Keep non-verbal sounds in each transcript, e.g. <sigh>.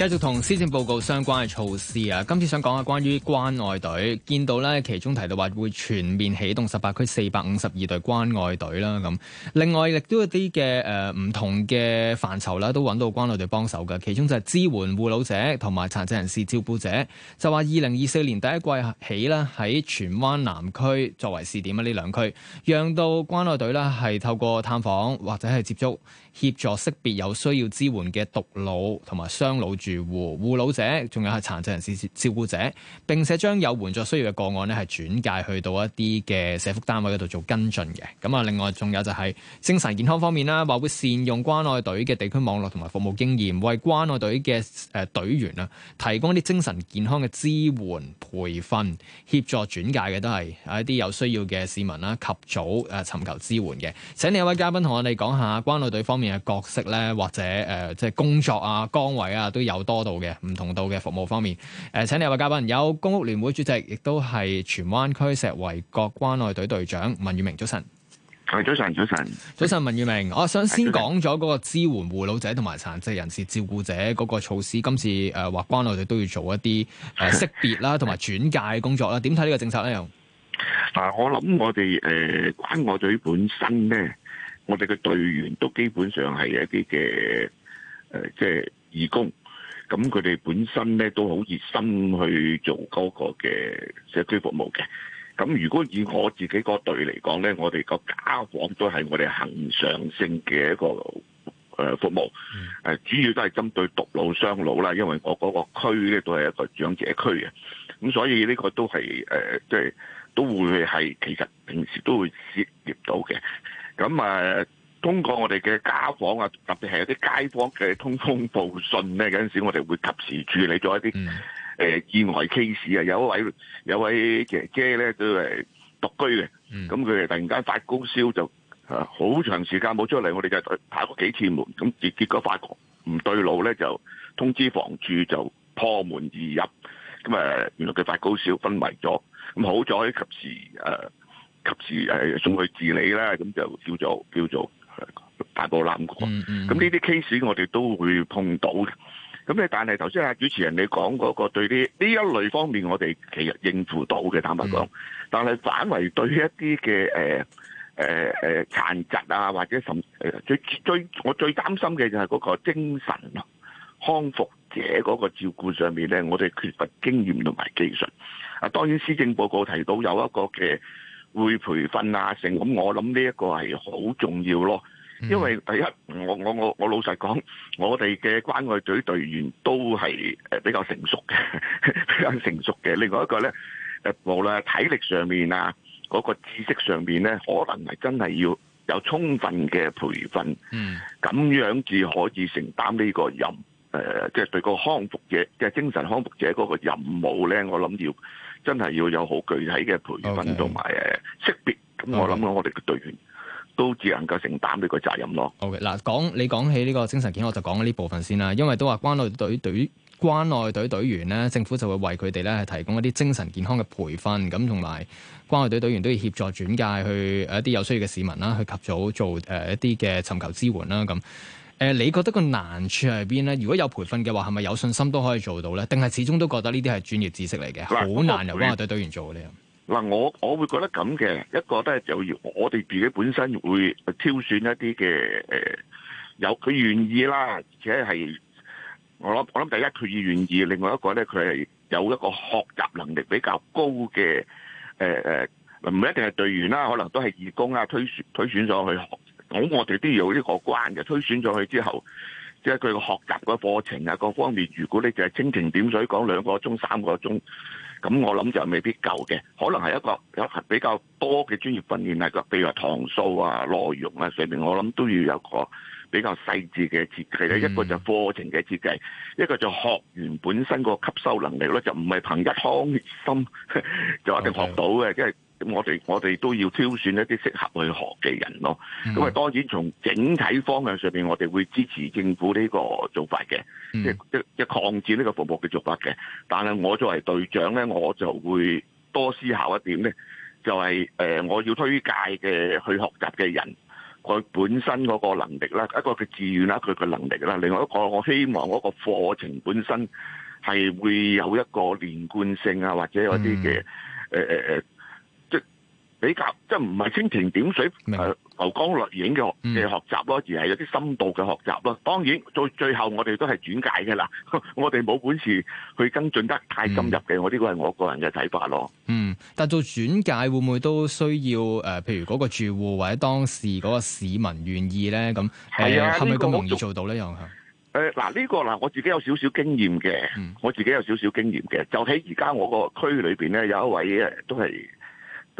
繼續同施政報告相關嘅措施啊，今次想講下關於關愛隊，見到咧，其中提到話會全面啟動十八區四百五十二隊關愛隊啦咁，另外亦、呃、都一啲嘅誒唔同嘅範疇啦，都揾到關愛隊幫手嘅，其中就係支援護老者同埋殘疾人士照顧者，就話二零二四年第一季起咧，喺荃灣南區作為試點啊呢兩區，讓到關愛隊呢，係透過探訪或者係接觸協助識別有需要支援嘅獨老同埋雙老住戶、護老者，仲有係殘疾人士照顧者，並且將有援助需要嘅個案咧，係轉介去到一啲嘅社福單位嗰度做跟進嘅。咁啊，另外仲有就係精神健康方面啦，話會善用關愛隊嘅地區網絡同埋服務經驗，為關愛隊嘅誒隊員啊，提供一啲精神健康嘅支援、培訓、協助轉介嘅，都係喺一啲有需要嘅市民啦及早誒尋求支援嘅。請你一位嘉賓同我哋講下關愛隊方面嘅角色咧，或者誒即係工作啊、崗位啊都有。多度嘅唔同度嘅服務方面，誒、呃，請兩位嘉賓，有公屋聯會主席，亦都係荃灣區石圍角關愛隊隊長文裕明，早晨。係早晨，早晨，早晨，文裕明，我想、啊、先講咗嗰個支援護老者同埋殘疾人士照顧者嗰個措施，今次誒，話關愛隊都要做一啲誒識別啦，同埋轉介工作啦，點睇呢個政策咧？又、啊、嗱，我諗我哋誒、呃、關愛隊本身咧，我哋嘅隊員都基本上係一啲嘅誒，即、呃、係、就是、義工。咁佢哋本身咧都好熱心去做嗰個嘅社區服務嘅。咁如果以我自己個隊嚟講咧，我哋個家訪都係我哋恆常性嘅一個服務，嗯、主要都係針對獨老、雙老啦，因為我嗰個區咧都係一個長者區嘅。咁所以呢個都係即係都會係其實平時都會涉獵到嘅。咁啊～通過我哋嘅家訪啊，特別係有啲街坊嘅通風報信咧，嗰陣時我哋會及時處理咗一啲誒意外 case 啊。有一位有一位姐姐咧，都係獨居嘅，咁、嗯、佢突然間發高燒，就誒好長時間冇出嚟，我哋就拍過幾次門，咁結結果發覺唔對路咧，就通知房署就破門而入。咁原來佢發高燒昏迷咗，咁好在及時及時誒送去治理咧，咁就叫做叫做大步檻過。咁呢啲 case 我哋都會碰到。咁你但係頭先阿主持人，你講嗰個對啲呢一類方面，我哋其實應付到嘅，坦白講。Mm -hmm. 但係反為對一啲嘅誒誒殘疾啊，或者甚、呃、最最我最擔心嘅就係嗰個精神康復者嗰個照顧上面咧，我哋缺乏經驗同埋技術。啊，當然施政報告提到有一個嘅。會培訓啊，成咁我諗呢一個係好重要咯。因為第一，我我我我老實講，我哋嘅關愛隊隊員都係誒比較成熟嘅，比較成熟嘅。另外一個咧，誒無論係體力上面啊，嗰個知識上面咧，可能係真係要有充分嘅培訓。嗯，咁樣至可以承擔呢個任誒，即係對個康復者即係精神康復者嗰個任務咧，我諗要。真係要有好具體嘅培訓同埋識別，咁、okay. okay。我諗我哋嘅隊員都只能夠承擔呢個責任咯。OK，嗱，你講起呢個精神健康，我就講呢部分先啦，因為都話關愛隊隊關愛隊隊員咧，政府就會為佢哋咧係提供一啲精神健康嘅培訓，咁同埋關愛隊隊員都要協助轉介去一啲有需要嘅市民啦，去及早做一啲嘅尋求支援啦咁。誒，你覺得個難處係邊咧？如果有培訓嘅話，係咪有信心都可以做到咧？定係始終都覺得呢啲係專業知識嚟嘅，好難由關愛隊隊員做嘅咧？嗱，我我會覺得咁嘅，一個咧就有，我哋自己本身會挑選一啲嘅誒，有、呃、佢願意啦，而且係我我諗第一佢願意，另外一個咧佢係有一個學習能力比較高嘅誒誒，唔、呃、一定係隊員啦，可能都係義工啊，推選推選咗去學。咁我哋都要有呢個關嘅推選咗佢之後，即係佢個學習個課程啊，各方面，如果你淨係蜻蜓點水講兩個鐘三個鐘，咁我諗就未必夠嘅。可能係一個有比較多嘅專業訓練啊，譬如話堂數啊、內容啊上面，我諗都要有個比較細緻嘅設計咧。Mm. 一個就課程嘅設計，一個就學員本身個吸收能力咧，就唔係憑一腔熱心 <laughs> 就一定學到嘅，okay. 因為咁我哋我哋都要挑選一啲適合去學嘅人咯。咁啊，當然從整體方向上邊，我哋會支持政府呢個做法嘅、mm.，即係即即擴展呢個服務嘅做法嘅。但係我作為隊長咧，我就會多思考一點咧，就係、是、誒、呃、我要推介嘅去學習嘅人，佢本身嗰個能力啦，一個佢自願啦，佢嘅能力啦，另外一個我希望嗰個課程本身係會有一個連貫性啊，或者有啲嘅誒誒誒。Mm. 比較即係唔係蜻蜓點水誒，浮光掠影嘅學嘅學習咯，而係有啲深度嘅學習咯、嗯。當然，到最後我哋都係轉介嘅啦。我哋冇本事去跟進得太深入嘅。我、嗯、呢、這個係我個人嘅睇法咯。嗯，但做轉介會唔會都需要誒，譬、呃、如嗰個住戶或者當時嗰個市民願意咧？咁係、呃、啊，係咪咁容易做到呢樣生誒、嗱、這、呢個嗱我自己有少少經驗嘅，我自己有少少經驗嘅、嗯，就喺而家我個區裏邊咧有一位誒，都係。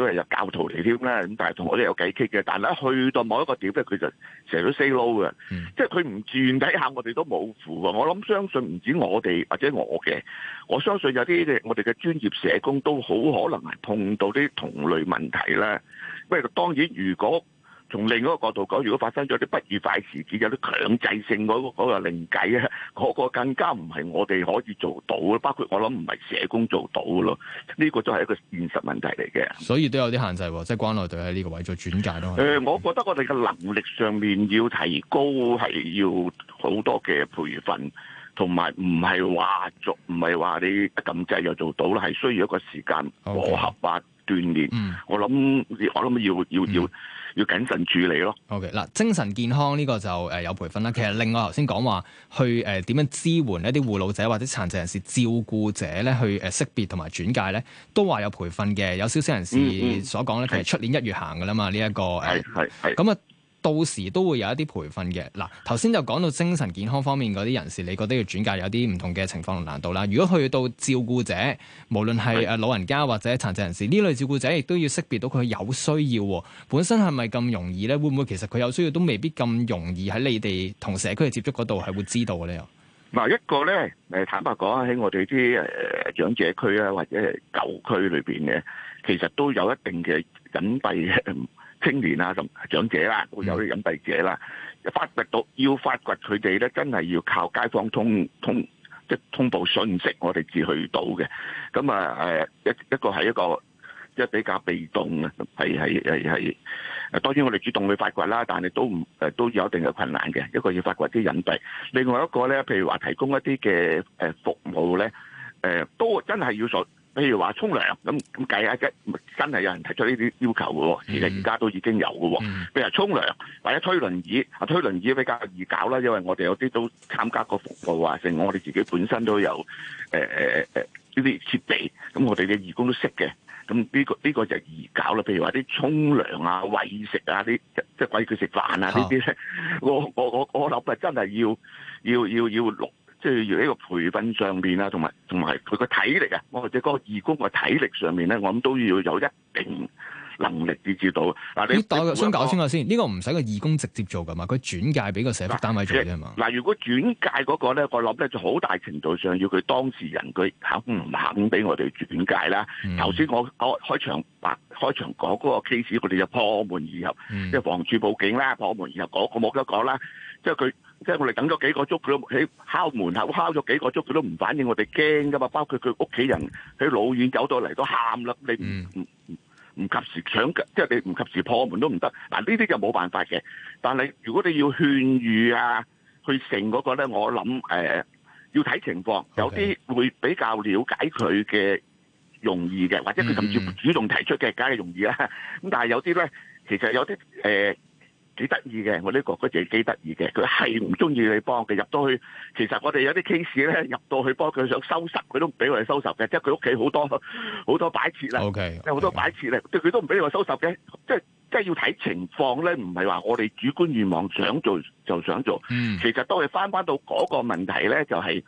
都係由教徒嚟添啦，咁但係同我哋有偈傾嘅。但係一去到某一個點咧，佢就成日都 say low 嘅。嗯，即係佢唔轉底下，我哋都冇符。我諗相信唔止我哋或者我嘅，我相信有啲我哋嘅專業社工都好可能係碰到啲同類問題啦。不過當然如果。從另一個角度講，如果發生咗啲不愉快事件，有啲強制性嗰嗰個另計咧，嗰個更加唔係我哋可以做到嘅，包括我諗唔係社工做到咯，呢個都係一個現實問題嚟嘅。所以都有啲限制喎，即係關愛隊喺呢個位做轉介咯。誒、呃，我覺得我哋嘅能力上面要提高係要好多嘅培訓，同埋唔係話做，唔係話你㩒掣又做到啦，係需要一個時間磨合返啊。Okay. 鍛煉，嗯，我諗我諗要要、嗯、要要謹慎處理咯。O K，嗱，精神健康呢個就誒有培訓啦。其實另外頭先講話去誒點樣支援一啲護老者或者殘疾人士照顧者咧，去誒識別同埋轉介咧，都話有培訓嘅。有消息人士所講咧、嗯嗯，其實出年一月行噶啦嘛，呢、嗯、一、這個係係係咁啊。到時都會有一啲培訓嘅。嗱，頭先就講到精神健康方面嗰啲人士，你覺得要轉介有啲唔同嘅情況同難度啦。如果去到照顧者，無論係誒老人家或者殘疾人士呢類照顧者，亦都要識別到佢有需要喎。本身係咪咁容易咧？會唔會其實佢有需要都未必咁容易喺你哋同社區嘅接觸嗰度係會知道嘅呢？嗱，一個咧誒，坦白講喺我哋啲誒長者區啊或者舊區裏邊嘅，其實都有一定嘅隱蔽嘅。 <laughs> 青年啊，同長者啦、啊，會有啲隱蔽者啦、啊，發掘到要發掘佢哋咧，真係要靠街坊通通即係通報訊息，我哋至去到嘅。咁啊一一個係一個即、係、比較被動啊，係係係係。當然我哋主動去發掘啦，但係都唔都有一定嘅困難嘅。一個要發掘啲隱蔽，另外一個咧，譬如話提供一啲嘅服務咧，誒、呃、都真係要譬如話沖涼咁咁計下，真真係有人提出呢啲要求嘅。嗯，其實而家都已經有嘅。譬如話、嗯、沖涼或者推輪椅啊，推輪椅比較易搞啦，因為我哋有啲都參加過服務啊，成我哋自己本身都有誒誒誒呢啲設備，咁我哋嘅義工都識嘅。咁呢個呢個就易搞啦。譬如話啲沖涼啊、喂食啊、啲即係喂佢食飯啊呢啲咧，我我我我諗啊，真係要要要要落。即係要呢個培訓上面啦，同埋同埋佢個體力啊，或者嗰個義工個體力上面咧，我諗都要有一定能力先做到。嗱，你想搞清楚先呢、呢個唔使個義工直接做噶嘛，佢轉介俾個社福單位做嘅嘛。嗱，如果轉介嗰個咧，我諗咧就好大程度上要佢當事人佢肯唔肯俾我哋轉介啦。頭、嗯、先我開場開場白開講嗰個 case，佢哋就破門而入、嗯，即係房署報警啦，破門而入嗰冇得講啦，即係佢。即係我哋等咗幾個鐘，佢都喺敲門口敲咗幾個鐘，佢都唔反應，我哋驚噶嘛？包括佢屋企人喺老遠走到嚟都喊啦。你唔唔唔，mm. 唔及時搶，即係你唔及時破門都唔得。嗱呢啲就冇辦法嘅。但係如果你要勸喻啊，去成嗰個咧，我諗誒、呃、要睇情況，okay. 有啲會比較了解佢嘅容易嘅，或者佢咁自主動提出嘅梗係容易啦、啊。咁但係有啲咧，其實有啲誒。呃幾得意嘅，我呢、呢個哥仔幾得意嘅，佢係唔中意你幫嘅。入到去，其實我哋有啲 case 咧，入到去幫佢想收拾，佢都唔俾我哋收拾嘅，即係佢屋企好多好多擺設啦，即係好多擺設咧，對、okay. 佢都唔俾我哋收拾嘅，即係即係要睇情況咧，唔係話我哋主觀願望想做就想做。嗯，其實都係返返到嗰個問題咧，就係、是。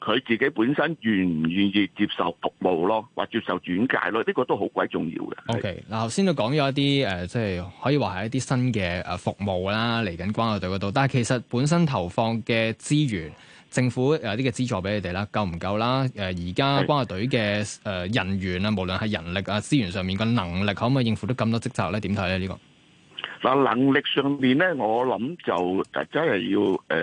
佢自己本身願唔願意接受服務咯，或者接受轉介咯？呢個都好鬼重要嘅。OK，嗱，頭先都講咗一啲誒，即係可以話係一啲新嘅誒服務啦，嚟緊關愛隊嗰度。但係其實本身投放嘅資源，政府有啲嘅資助俾你哋啦，夠唔夠啦？誒，而家關愛隊嘅誒人員啊，無論係人力啊、資源上面嘅能力，可唔可以應付得咁多職責咧？點睇咧？呢個？能力上面咧，我諗就真係要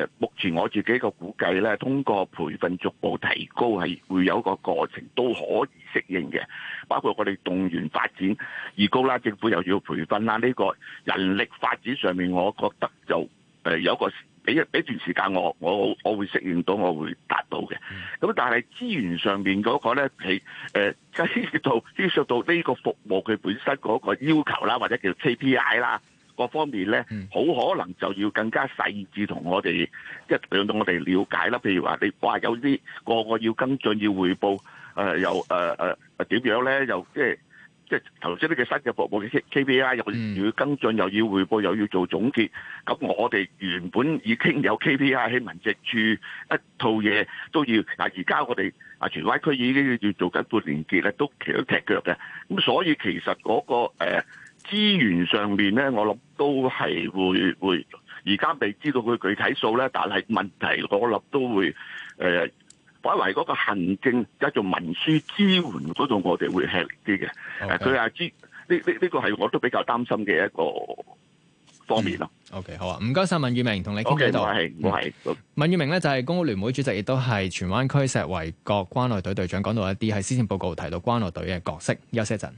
誒，目前我自己個估計咧，通過培訓逐步提高係會有個過程，都可以適應嘅。包括我哋動員發展而高啦，政府又要培訓啦，呢個人力發展上面，我覺得就誒有一個俾一俾段時間我，我我我會適應到，我會達到嘅。咁但係資源上面嗰個呢，係誒基到基到呢個服務佢本身嗰個要求啦，或者叫 KPI 啦。各方面咧，好可能就要更加細緻同我哋即係令到我哋了解啦。譬如話，你話有啲個個要跟進要匯報，誒又誒誒點樣咧？又即係即係頭先呢個新嘅服務嘅 K KPI 又要，要跟進，又要匯報，又要做總結。咁我哋原本已經有 KPI 喺民政處一套嘢都要。嗱而家我哋啊荃灣區已經要做緊半年結咧，都企咗踢腳嘅。咁所以其實嗰、嗰個、呃資源上面咧，我諗都係會會，而家未知道佢具體數咧，但係問題，我諗都會誒，反、呃、為嗰個行政而做文書支援嗰度，我哋會吃力啲嘅。佢、okay. 啊，資呢呢呢個係我都比較擔心嘅一個方面咯、嗯。OK，好啊，唔該晒。文裕明呢，同你傾偈。度。唔文裕明咧就係、是、公屋聯會主席，亦都係荃灣區石圍角關愛隊隊，隊長，講到一啲喺施政報告提到關愛隊嘅角色。休息一陣。